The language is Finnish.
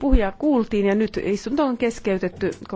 puhujaa kuultiin ja nyt istunto on keskeytetty.